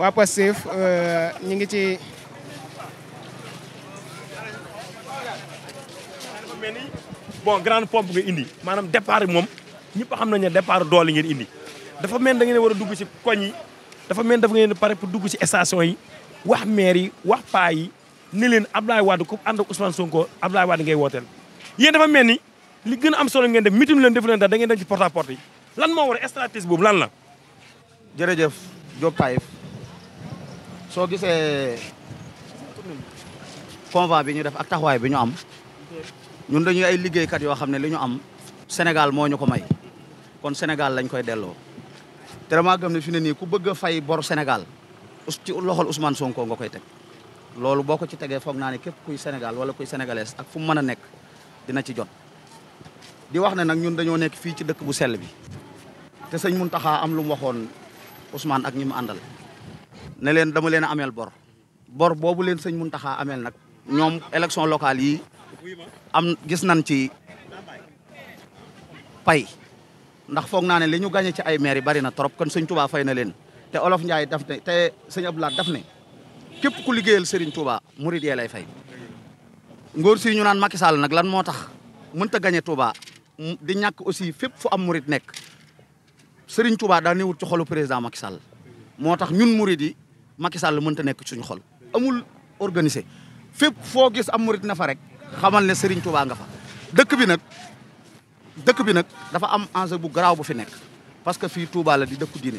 waa Pastef euh, ñu ngi ci bon grande pompe nga indi maanaam départ moom ñëpp xam nañ ne départ doole ngeen indi dafa mel da ngeen war a dugg ci koñ yi dafa mel dafa ngeen pare pour dugg ci station yi wax maire yi wax paa yi ni leen Abdoulaye Wade ku ànd ak Ousmane ab Abdoulaye Wade ngay wooteel yéen dafa mel ni li gën am solo ngeen def mitim leen def leen daal da ngeen dem ci porte à lan moo war a stratégie boobu lan la jërëjëf Diop Taïf soo gisee convoi bi ñu def ak taxawaay bi ñu am ñun dañuy ay liggéeykat yoo xam ne li ñu am Sénégal moo ñu ko may kon senegal lañ koy delloo te dama gëm ne fi ne nii ku bëgg fay bor Sénégal ci loxol Ousmane Sonko nga koy teg loolu boo ko ci tegee foog naa ne képp kuy Sénégal wala kuy sénégalaise ak fu mu mën a nekk dina ci jot di wax ne nag ñun dañoo nekk fii ci dëkk bu sell bi te sañ sëñ Muntaxa am lu mu waxoon Ousmane ak ñi àndal ne leen dama leen ameel bor bor boobu leen sëñ Muntaxa ameel nag ñoom élection locale yi am gis nañ ci pay ndax foog naa ne li ñu gagné ci ay maire yi bari na trop kon sëñ Touba fay na leen te Olof Ndiaye daf ne te sëñ Abdoulaye daf ne képp ku liggéeyal Serigne Touba murid lay fay. ngóor si ñu naan Macky nag lan moo tax mënut a gagné Touba di ñàkk aussi fépp fu am murid nekk Serigne Touba daa newut ci xolu président Macky Sall moo tax ñun murid yi Macky Sall mënta nekk suñu xol amul organisé fépp foo gis am murit na fa rek xamal ne Serigne Touba nga fa dëkk bi nag dëkk bi nag dafa am enjeu bu garaaw bu fi nekk parce que fii Touba la di dëkku diine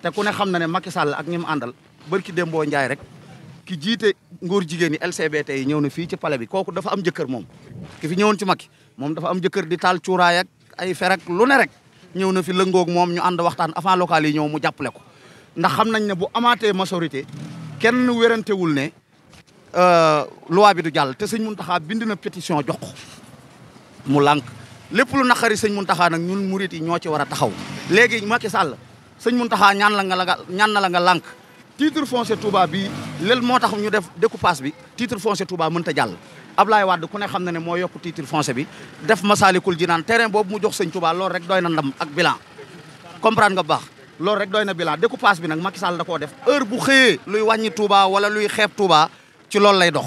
te ku ne xam na ne Macky Sall ak ñi mu àndal barki Dembo Ndiaye rek ki jiite ngóor jigéen yi LCBT tey ñëw na fii ci pale bi kooku dafa am jëkkër moom ki fi ñëwoon ci Macky moom dafa am jëkkër di taal cuuraay ay fer lu ne rek ñëw na fi lëngoog moom ñu ànd waxtaan avant local yi ñëw mu jàppale ko ndax xam nañ ne bu amaatee majorité kenn wérantewul ne euh, loi bi du jàll te sëñ Muntaxa bind na pétition jox ko mu lank lépp lu naqari sëñ taxaa nag ñun murit yi ñoo ci war a taxaw léegi Macky Sall sëñ Muntaxa ñaan la nga la ñaan na la nga lànk titre foncier Touba bi lel moo tax ñu def découpage bi titre foncier Touba mënta jàll Ablaye Wade ku ne xam na ne moo yokk titre foncier bi def Masalikul Jinaan terrain boobu mu jox sëñ Touba loolu rek doy na ndam ak bilan comprendre nga baax loolu rek doy na bilan découpage bi nag Macky Sall koo def heure bu xëyee luy wàññi Touba wala luy xeeb Touba ci loolu lay dox.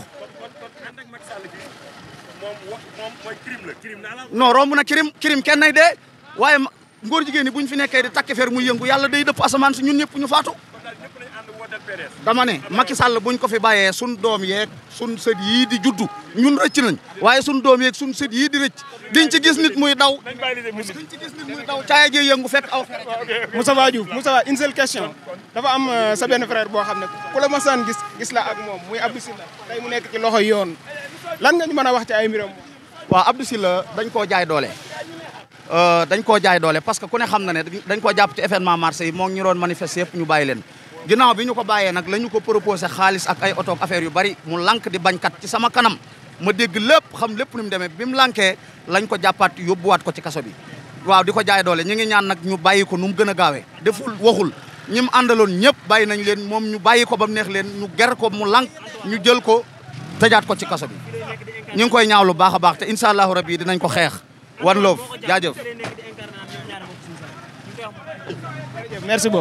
non romb na crime crime kenn nay dee waaye ngóor jigéen ñi bu ñu fi nekkee di takk fer muy yëngu yàlla day dëpp asamaan si ñun ñëpp ñu faatu. dama ne Macky Sall buñ ko fi bàyyee sun doom yeeg sun sët yii di juddu ñun rëcc nañ waaye sun doom yeeg sun sët yii di rëcc diñ ci gis nit muy daw diñ ci gis nit muy daw caaya jee yëngu fekk aw ah, Moustapha Diouf Moustapha une seule question dafa am euh, sa benn boo xam ne ku la masaan gis gis la ak moom muy Abdou Sylla tey mu nekk ci loxo yoon lan nga ñu mën a wax ci ay mbiram waaw Abdou Sylla dañ koo jaay doole euh, dañ koo jaay doole parce que ku ne xam na ne dañ koo jàpp ci événement yi moo ngi ñu doon manifester yëpp ñu bàyyi leen ginnaaw bi ñu ko bàyyee nag la ñu ko proposé xaalis ak ay oto affaire yu bari mu lànk di bañkat ci sama kanam ma dégg lépp xam lépp ni mu demee bi mu lànkee lañ ko jàppaat yóbbuwaat ko ci kaso bi waaw di ko jaay doole ñi ngi ñaan nag ñu bàyyi ko nu mu gën a gaawee deful waxul ñi mu àndaloon ñëpp bàyyi nañ leen moom ñu bàyyi ko ba mu neex leen ñu ger ko mu lank ñu jël ko tëjaat ko ci kaso bi ñu ngi koy ñaaw lu baax a baax te incha allahu rabi dinañ ko xeex wan loof jaajëf merci